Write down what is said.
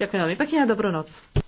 Ďakujem veľmi pekne a dobrú noc.